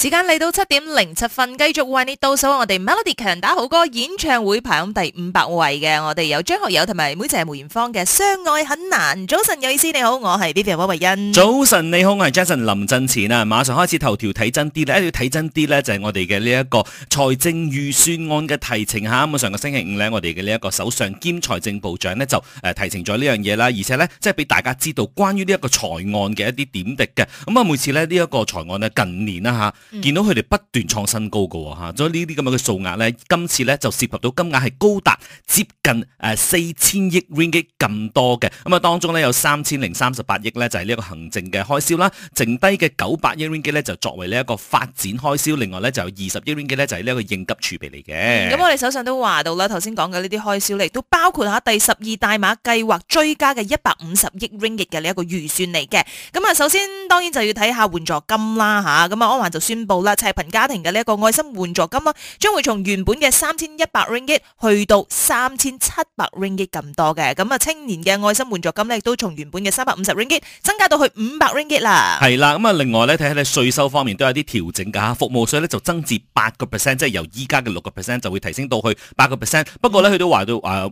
時間嚟到七點零七分，繼續為你倒數我哋 Melody 強打好歌演唱會排名第五百位嘅，我哋有張學友同埋妹姐梅艷芳嘅《相愛很難》。早晨，有意思，你好，我係 B B 王維恩。早晨，你好，我係 Jason 林振前啊！馬上開始頭條睇真啲，一點要睇真啲咧，就係我哋嘅呢一個財政預算案嘅提呈吓。咁、嗯、啊，上個星期五呢，我哋嘅呢一個首相兼財政部長呢，就誒提呈咗呢樣嘢啦，而且呢，即係俾大家知道關於呢一個財案嘅一啲點滴嘅。咁、嗯、啊，每次呢，呢、這、一個財案呢，近年啦吓。啊嗯、見到佢哋不斷創新高噶吓、啊，所以呢啲咁樣嘅數額咧，今次咧就涉及到金額係高達接近誒四千億 ringgit 咁多嘅。咁、嗯、啊當中咧有三千零三十八億咧就係呢一個行政嘅開銷啦，剩低嘅九百億 ringgit 咧就作為呢一個發展開銷，另外咧就有二十億 ringgit 咧就係呢一個應急儲備嚟嘅。咁、嗯、我哋手上都話到啦，頭先講嘅呢啲開銷嚟，都包括下第十二大馬計劃追加嘅一百五十億 ringgit 嘅呢一個預算嚟嘅。咁啊首先當然就要睇下援助金啦吓，咁啊安華就宣宣布啦，貧家庭嘅呢一個愛心援助金啦，將會從原本嘅三千一百 ringgit 去到三千七百 ringgit 咁多嘅。咁啊，青年嘅愛心援助金咧，亦都從原本嘅三百五十 ringgit 增加到去五百 ringgit 啦。係啦，咁啊，另外咧睇下咧，稅收方面都有啲調整㗎。服務稅咧就增至八個 percent，即係由依家嘅六個 percent 就會提升到去八個 percent。不過咧，佢、嗯、都話到誒，唔、呃、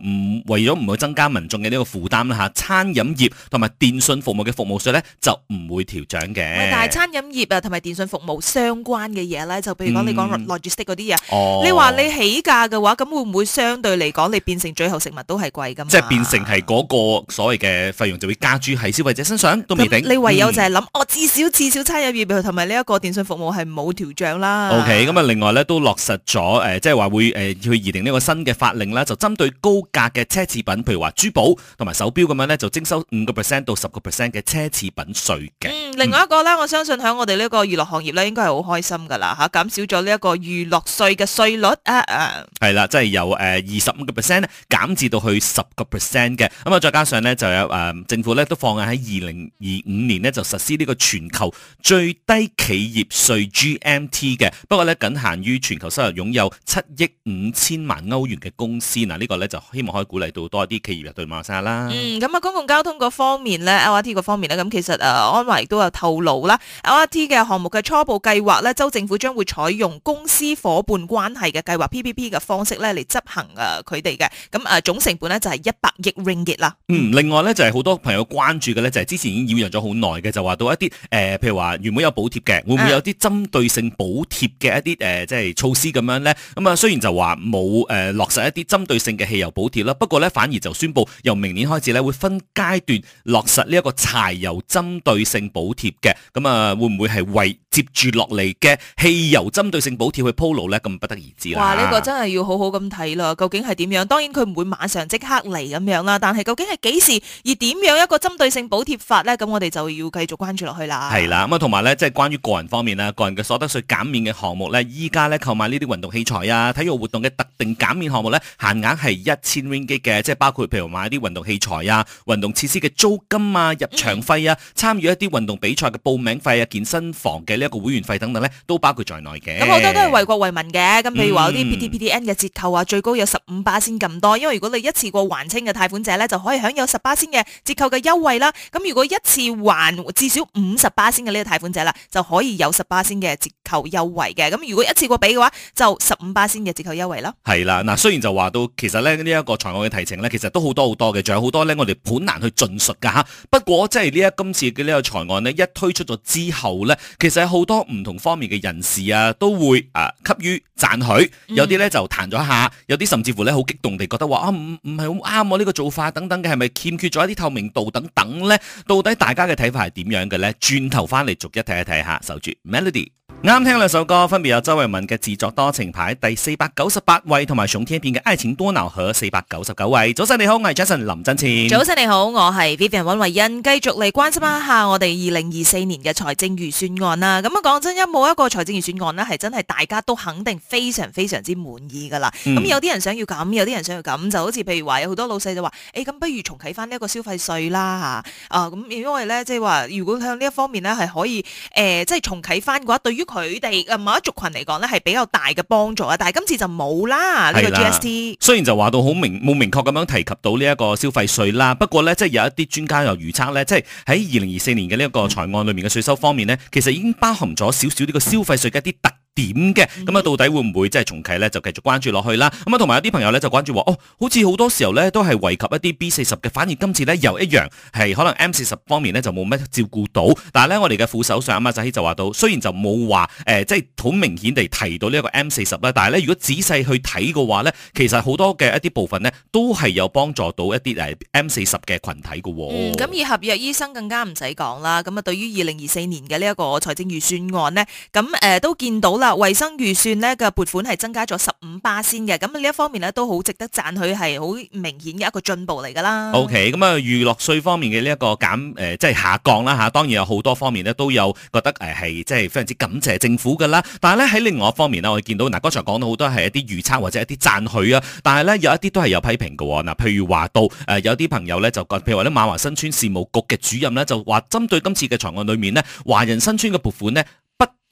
為咗唔去增加民眾嘅呢個負擔啦。嚇，餐飲業同埋電信服務嘅服務稅咧就唔會調漲嘅。但係餐飲業啊，同埋電信服務商。關嘅嘢咧，就譬如講你講 logistic 嗰啲嘢，你話你起價嘅話，咁會唔會相對嚟講，你變成最後食物都係貴噶嘛？即係變成係嗰個所謂嘅費用就會加注喺消費者身上都未定。你唯有就係諗，哦，至少至少餐飲業同埋呢一個電信服務係冇調漲啦。OK，咁啊，另外咧都落實咗誒，即係話會誒去擬定呢個新嘅法令啦，就針對高價嘅奢侈品，譬如話珠寶同埋手錶咁樣咧，就徵收五個 percent 到十個 percent 嘅奢侈品稅嘅。嗯，另外一個咧，我相信喺我哋呢個娛樂行業咧，應該係好。開心噶啦嚇，減少咗呢一個娛樂稅嘅稅率啊啊，係、啊、啦，即係由誒二十五個 percent 減至到去十個 percent 嘅咁啊，再加上咧就有誒、呃、政府咧都放眼喺二零二五年咧就實施呢個全球最低企業稅 GMT 嘅，不過咧僅限於全球收入擁有七億五千萬歐元嘅公司嗱，呢、這個咧就希望可以鼓勵到多啲企業入對馬沙啦嗯。嗯、咁、嗯、啊、嗯，公共交通嗰方面咧，LRT 嗰方面咧，咁其實誒、呃、安華都有透露啦，LRT 嘅項目嘅初步計劃。咧州政府將會採用公私伙伴關係嘅計劃 （PPP） 嘅方式咧嚟執行誒佢哋嘅，咁總成本咧就係一百億 Ringgit 啦。嗯，另外咧就係好多朋友關注嘅咧就係之前已經擾攘咗好耐嘅，就話到一啲誒、呃，譬如話原本有補貼嘅，會唔會有啲針對性補貼嘅一啲誒、呃，即係措施咁樣咧？咁啊，雖然就話冇誒落實一啲針對性嘅汽油補貼啦，不過咧反而就宣布由明年開始咧會分階段落實呢一個柴油針對性補貼嘅，咁啊會唔會係為接住落嚟嘅汽油針對性補貼去鋪路咧，咁不得而知。知哇，呢、這個真係要好好咁睇啦，究竟係點樣？當然佢唔會馬上即刻嚟咁樣啦，但係究竟係幾時，而點樣一個針對性補貼法咧？咁我哋就要繼續關注落去啦。係啦，咁啊同埋咧，即係關於個人方面啦，個人嘅所得稅減免嘅項目咧，依家咧購買呢啲運動器材啊、體育活動嘅特定減免項目咧，限額係一千 ringgit 嘅，即係包括譬如買一啲運動器材啊、運動設施嘅租金啊、入場費啊、參與、嗯、一啲運動比賽嘅報名費啊、健身房嘅呢個會員費等等咧，都包括在內嘅。咁好多都係為國為民嘅。咁譬如話有啲 PTPTN 嘅折扣啊，嗯、最高有十五巴仙咁多。因為如果你一次過還清嘅貸款者咧，就可以享有十八仙嘅折扣嘅優惠啦。咁如果一次還至少五十巴仙嘅呢個貸款者啦，就可以有十八仙嘅折扣優惠嘅。咁如果一次過俾嘅話，就十五巴仙嘅折扣優惠咯。係啦，嗱、啊，雖然就話到，其實咧呢一、這個財案嘅提成咧，其實都好多好多嘅，仲有好多咧，我哋本難去盡述噶吓。不過即係呢一今次嘅呢個財案呢，一推出咗之後咧，其實，好多唔同方面嘅人士啊，都會啊給予讚許，有啲咧就彈咗一下，有啲甚至乎咧好激動地覺得話啊，唔唔係好啱我呢個做法等等嘅，係咪欠缺咗一啲透明度等等咧？到底大家嘅睇法係點樣嘅咧？轉頭翻嚟逐一睇一睇吓，守住 Melody。啱聽兩首歌，分別有周慧敏嘅自作多情排第四百九十八位，同埋熊天平嘅愛情多惱河四百九十九位。早晨你好，我係 Jason 林振前。早晨你好，我係 Vivian 溫慧欣。繼續嚟關心一下我哋二零二四年嘅財政預算案啦。咁啊講真，一冇、嗯、一個財政預算案呢，係真係大家都肯定非常非常之滿意噶啦。咁、嗯嗯、有啲人想要咁，有啲人想要咁，就好似譬如話有好多老細就話，誒、欸、咁不如重啟翻呢一個消費稅啦吓。啊咁，那因為咧即係話，如果向呢一方面咧係可以誒、呃，即係重啟翻嘅話，對於佢哋啊某一族群嚟講咧係比較大嘅幫助啊，但係今次就冇啦呢個 GST。雖然就話到好明冇明確咁樣提及到呢一個消費稅啦，不過咧即係有一啲專家又預測咧，即係喺二零二四年嘅呢一個財案裏面嘅稅收方面咧，其實已經包含咗少少呢個消費稅嘅一啲特。點嘅咁啊？嗯、到底會唔會即係重啟咧？就繼續關注落去啦。咁、嗯、啊，同埋有啲朋友咧就關注話，哦，好似好多時候咧都係惠及一啲 B 四十嘅，反而今次咧又一樣係可能 M 四十方面咧就冇乜照顧到。但係咧，我哋嘅副首相阿馬仔希就話到，雖然就冇話誒，即係好明顯地提到呢一個 M 四十啦，但係咧如果仔細去睇嘅話咧，其實好多嘅一啲部分呢，都係有幫助到一啲誒 M 四十嘅群體嘅、哦。嗯，咁而合約醫生更加唔使講啦。咁啊，對於二零二四年嘅呢一個財政預算案呢，咁誒、呃、都見到啦。衛生預算咧嘅撥款係增加咗十五巴仙嘅，咁呢一方面呢，都好值得讚許，係好明顯嘅一個進步嚟噶啦。O K，咁啊，娛樂稅方面嘅呢一個減誒，即、呃、係、就是、下降啦吓。當然有好多方面呢，都有覺得誒係即係非常之感謝政府噶啦。但係咧喺另外一方面呢，我見到嗱，剛、那、才、個、講到好多係一啲預測或者一啲讚許啊，但係呢，有一啲都係有批評嘅。嗱、呃，譬如話到誒，有啲朋友呢，就講，譬如話咧，馬華新村事務局嘅主任呢，就話，針對今次嘅財案裏面呢，華人新村嘅撥款呢，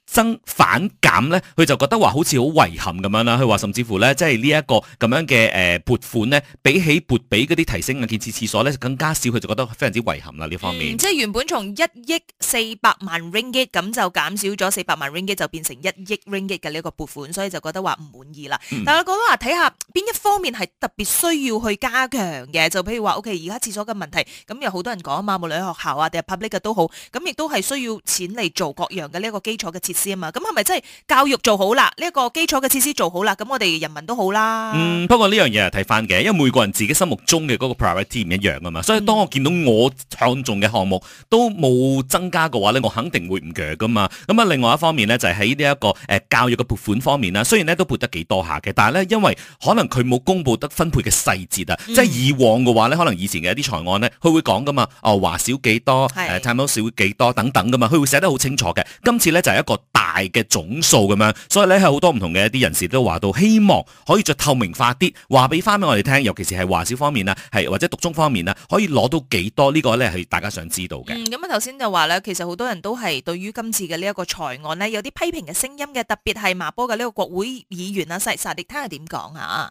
增反減咧，佢就覺得話好似好遺憾咁樣啦。佢話甚至乎咧，即係呢一個咁樣嘅、呃、撥款咧，比起撥俾嗰啲提升嘅建設廁所咧，就更加少，佢就覺得非常之遺憾啦呢方面。嗯、即係原本從一億四百萬 ringgit 咁就減少咗四百萬 ringgit，就變成一億 ringgit 嘅呢個撥款，所以就覺得話唔滿意啦。嗯、但係我覺得話睇下邊一方面係特別需要去加強嘅，就譬如話 O.K. 而家廁所嘅問題，咁有好多人講啊嘛，無論喺學校啊定係 public 嘅都好，咁亦都係需要錢嚟做各樣嘅呢一個基礎嘅設。咁係咪真係教育做好啦？呢、這、一個基礎嘅設施做好啦，咁我哋人民都好啦。嗯，不過呢樣嘢係睇翻嘅，因為每個人自己心目中嘅嗰個 priority 唔一樣㗎嘛。所以當我見到我創重嘅項目都冇增加嘅話咧，我肯定會唔嘅噶嘛。咁、嗯、啊，另外一方面咧，就喺呢一個誒教育嘅撥款方面啦。雖然咧都撥得幾多下嘅，但係咧因為可能佢冇公布得分配嘅細節啊。嗯、即係以往嘅話咧，可能以前嘅一啲財案咧，佢會講噶嘛。哦，話少幾多，誒，差唔多少幾是多少等等噶嘛，佢會寫得好清楚嘅。今次咧就係、是、一個大嘅總數咁樣，所以咧係好多唔同嘅一啲人士都話到，希望可以再透明化啲，話俾翻俾我哋聽，尤其是係華小方面啊，係或者獨中方面啊，可以攞到幾多呢個咧係大家想知道嘅。咁啊頭先就話咧，其實好多人都係對於今次嘅呢一個財案呢，有啲批評嘅聲音嘅，特別係麻波嘅呢個國會議員啊，細沙迪聽下點講啊。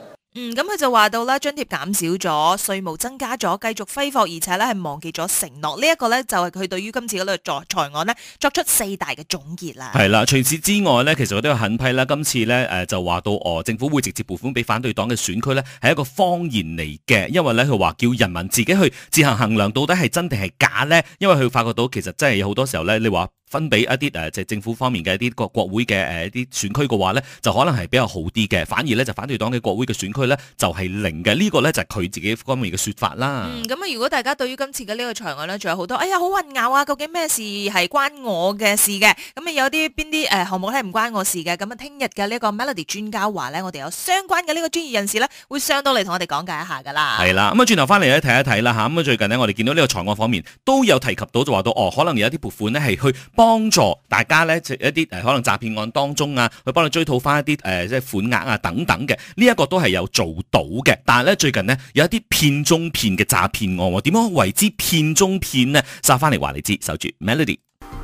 嗯，咁佢就話到啦，津貼減少咗，稅務增加咗，繼續揮霍，而且咧係忘記咗承諾呢一個咧，就係佢對於今次嗰個財財案呢作出四大嘅總結啦。係啦，除此之外咧，其實我都有狠批啦。今次咧，誒就話到，哦，政府會直接撥款俾反對黨嘅選區咧，係一個謊言嚟嘅，因為咧佢話叫人民自己去自行衡量到底係真定係假呢，因為佢發覺到其實真係好多時候咧，你話。分俾一啲誒，即、就、係、是、政府方面嘅一啲國國會嘅誒一啲選區嘅話咧，就可能係比較好啲嘅。反而咧就反對黨嘅國會嘅選區咧就係、是、零嘅。這個、呢個咧就係、是、佢自己方面嘅説法啦。咁啊、嗯嗯，如果大家對於今次嘅呢個財案咧，仲有好多，哎呀好混淆啊！究竟咩事係關我嘅事嘅？咁、嗯、啊有啲邊啲誒項目係唔關我事嘅？咁啊聽日嘅呢個 Melody 專家話咧，我哋有相關嘅呢個專業人士咧，會上到嚟同我哋講解一下㗎啦。係啦，咁啊轉頭翻嚟咧睇一睇啦嚇，咁、嗯、啊最近呢，我哋見到呢個財案方面都有提及到就話到哦，可能有一啲撥款呢係去幫幫助大家呢，一啲誒，可能詐騙案當中啊，去幫你追討翻一啲誒、呃，即係款額啊等等嘅，呢、這、一個都係有做到嘅。但係呢，最近呢，有一啲騙中騙嘅詐騙案，點、哦、樣為之騙中騙呢？殺翻嚟話你知，守住 Melody。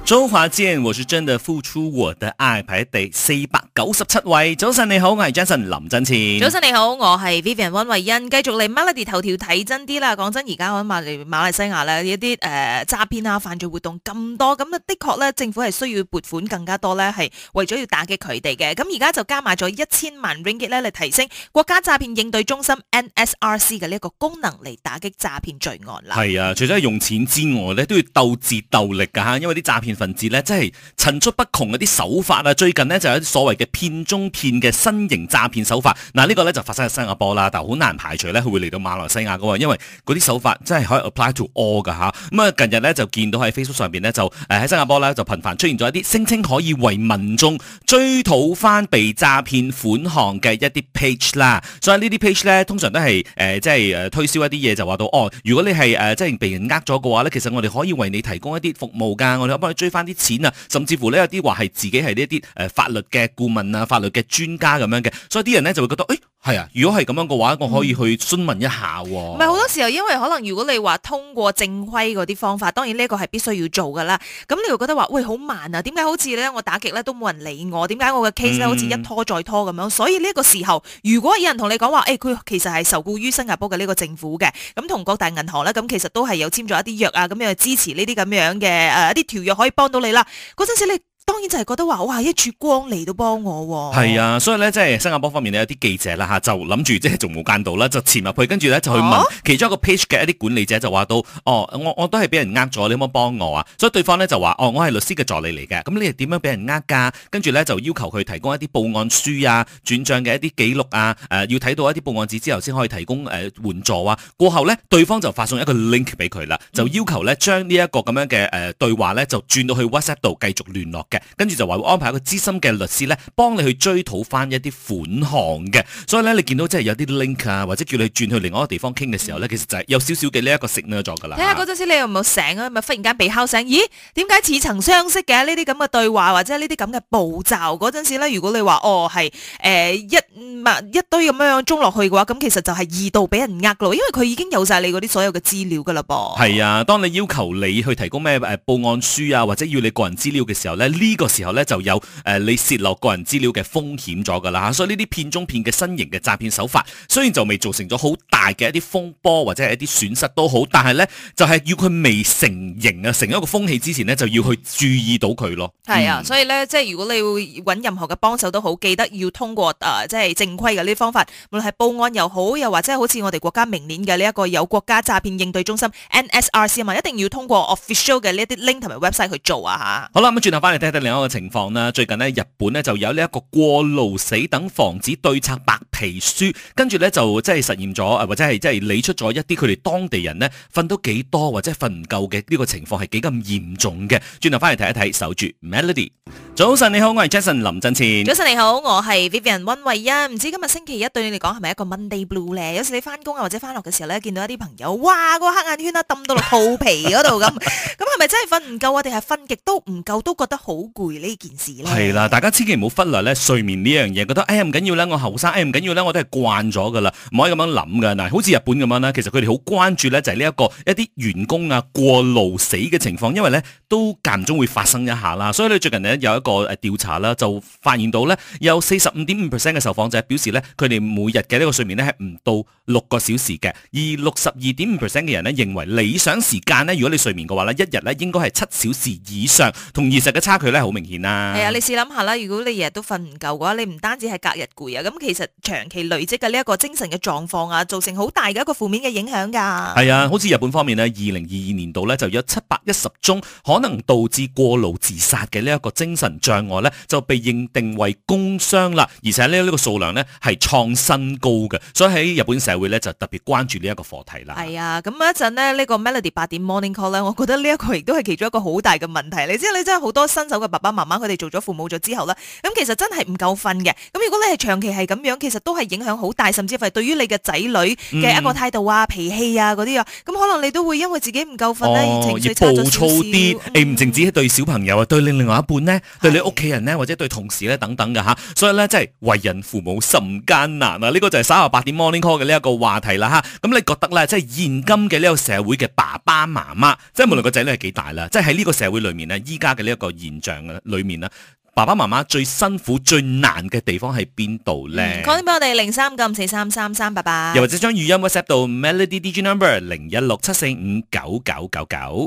周華健，我是真的付出我的愛，排喺第四百九十七位。早晨你好，我係 Jason 林振前。早晨你好，我係 Vivian 溫慧欣。繼續嚟 Melody 頭條睇真啲啦。講真，而家我諗下嚟馬來西亞呢，一啲誒詐騙啊犯罪活動咁多，咁啊的確呢，政府係需要撥款更加多呢，係為咗要打擊佢哋嘅。咁而家就加埋咗一千萬 Ringgit 呢嚟提升國家詐騙應對中心 NSRC 嘅呢一個功能嚟打擊詐騙罪案啦。係啊，除咗係用錢之外呢，都要鬥智鬥力噶吓，因為啲詐騙。分子咧，即係層出不窮嗰啲手法啊！最近呢，就有一啲所謂嘅騙中騙嘅新型詐騙手法。嗱，呢個呢，就發生喺新加坡啦，但係好難排除呢，佢會嚟到馬來西亞噶喎，因為嗰啲手法真係可以 apply to all 噶吓。咁啊，近日呢，就見到喺 Facebook 上面呢，就誒喺新加坡呢，就頻繁出現咗一啲聲稱可以為民眾追討翻被詐騙款項嘅一啲 page 啦。所以呢啲 page 呢，通常都係、呃、即係誒推銷一啲嘢，就話到哦，如果你係誒、呃、即係被人呃咗嘅話呢，其實我哋可以為你提供一啲服務噶。我哋幫你追。追翻啲錢啊，甚至乎咧有啲話，係自己係呢一啲誒法律嘅顧問啊、法律嘅專家咁樣嘅，所以啲人咧就會覺得誒。欸係啊，如果係咁樣嘅話，我可以去詢問一下喎、哦。唔係好多時候，因為可能如果你話通過正規嗰啲方法，當然呢個係必須要做㗎啦。咁你會覺得話，喂，好慢啊！點解好似咧，我打極咧都冇人理我？點解我嘅 case 咧好似一拖再拖咁樣？嗯、所以呢個時候，如果有人同你講話，誒、哎，佢其實係受雇於新加坡嘅呢個政府嘅，咁同各大銀行咧，咁其實都係有簽咗一啲約啊，咁樣支持呢啲咁樣嘅誒一啲條約可以幫到你啦。嗰陣時你。當然就係覺得話，哇，一柱光嚟到幫我係啊，所以咧，即係新加坡方面有啲記者啦吓，就諗住即係做無間道啦，就潛入去，跟住咧，就去問其中一個 page 嘅一啲管理者就說到，就話到哦，我我都係俾人呃咗，你可唔可以幫我啊？所以對方咧就話哦，我係律師嘅助理嚟嘅，咁你係點樣俾人呃㗎？跟住咧就要求佢提供一啲報案書啊、轉賬嘅一啲記錄啊，誒、呃、要睇到一啲報案紙之後先可以提供誒、呃、援助啊。過後咧，對方就發送一個 link 俾佢啦，就要求咧，將呢一個咁樣嘅誒對話咧就轉到去 WhatsApp 度繼續聯絡嘅。跟住就話會安排一個資深嘅律師咧，幫你去追討翻一啲款項嘅。所以咧，你見到即係有啲 link 啊，或者叫你去轉去另外一個地方傾嘅時候咧，嗯、其實就係有少少嘅呢一個 signal 咗噶啦。睇下嗰陣時你又唔冇醒啊？咪忽然間被敲醒？咦，點解似曾相識嘅呢啲咁嘅對話或者這這呢啲咁嘅步驟？嗰陣時咧，如果你話哦係誒、呃、一一,一堆咁樣樣中落去嘅話，咁其實就係易度俾人呃噶咯，因為佢已經有晒你嗰啲所有嘅資料噶啦噃。係啊，當你要求你去提供咩誒、呃、報案書啊，或者要你個人資料嘅時候咧，呢。呢個時候咧就有、呃、你泄露個人資料嘅風險咗㗎啦，所以呢啲片中片嘅新型嘅詐騙手法，雖然就未造成咗好大嘅一啲風波或者係一啲損失都好，但係咧就係、是、要佢未成形啊成一個風氣之前咧就要去注意到佢咯。係啊，嗯、所以咧即係如果你會揾任何嘅幫手都好，記得要通過、呃、即係正規嘅呢啲方法，無論係報案又好，又或者好似我哋國家明年嘅呢一個有國家詐騙應對中心 NSRC 啊嘛，一定要通過 official 嘅呢啲 link 同埋 website 去做啊嚇。好啦，咁轉頭翻嚟聽。另外一個情況啦，最近咧日本咧就有呢一個過勞死等防止對策白奇書，跟住咧就即係實現咗，或者係即係理出咗一啲佢哋當地人咧瞓到幾多，或者瞓唔夠嘅呢個情況係幾咁嚴重嘅。轉頭翻嚟睇一睇守住 Melody。早晨你好，我係 Jason 林振前。早晨你好，我係 Vivian 温慧欣。唔知今日星期一對你嚟講係咪一個 Monday Blue 咧？有時你翻工啊，或者翻學嘅時候咧，見到一啲朋友，哇個黑眼圈啊，揼到落肚皮嗰度咁，咁係咪真係瞓唔夠啊？定係瞓極都唔夠，都覺得好攰呢件事咧？係啦，大家千祈唔好忽略咧睡眠呢樣嘢，覺得哎呀唔緊要咧，我後生，哎呀唔緊要。我都係慣咗噶啦，唔可以咁樣諗噶。嗱，好似日本咁樣啦，其實佢哋好關注咧，就係呢一個一啲員工啊過勞死嘅情況，因為咧都間唔中會發生一下啦。所以咧最近呢，有一個誒調查啦，就發現到咧有四十五點五 percent 嘅受訪者表示咧，佢哋每日嘅呢個睡眠咧係唔到六個小時嘅，而六十二點五 percent 嘅人咧認為理想時間咧，如果你睡眠嘅話咧，一日咧應該係七小時以上，同現實嘅差距咧好明顯啦。係啊，你試諗下啦，如果你日日都瞓唔夠嘅話，你唔單止係隔日攰啊，咁其實長期累積嘅呢一個精神嘅狀況啊，造成好大嘅一個負面嘅影響噶。係啊，好似日本方面呢，二零二二年度呢就有七百一十宗可能導致過勞自殺嘅呢一個精神障礙呢，就被認定為工傷啦，而且呢個數量呢係創新高嘅。所以喺日本社會呢，就特別關注呢一個課題啦。係啊，咁一陣呢，呢，呢個 Melody 八點 Morning Call 呢，我覺得呢一個亦都係其中一個好大嘅問題。你知道你真係好多新手嘅爸爸媽媽，佢哋做咗父母咗之後呢，咁其實真係唔夠瞓嘅。咁如果你係長期係咁樣，其實都係影響好大，甚至乎係對於你嘅仔女嘅一個態度、嗯、氣啊、脾氣啊嗰啲啊，咁可能你都會因為自己唔夠瞓咧，哦、而情緒差咗少少。唔淨、嗯欸、止對小朋友啊，嗯、對你另外一半呢，對你屋企人呢，或者對同事呢等等嘅吓，是的 所以呢，真、就、係、是、為人父母甚艱難啊！呢、這個就係三十八點 Morning Call 嘅呢一個話題啦吓。咁你覺得咧，即、就、係、是、現今嘅呢個社會嘅爸爸媽媽，即、就、係、是、無論個仔女係幾大啦，即係喺呢個社會裏面咧，依家嘅呢一個現象啊裏面咧。爸爸媽媽最辛苦最難嘅地方係邊度咧？講俾我哋，零三九五四三三三八八，拜拜，又或者將語音 WhatsApp 到 Melody DJ Number 零一六七四五九九九九。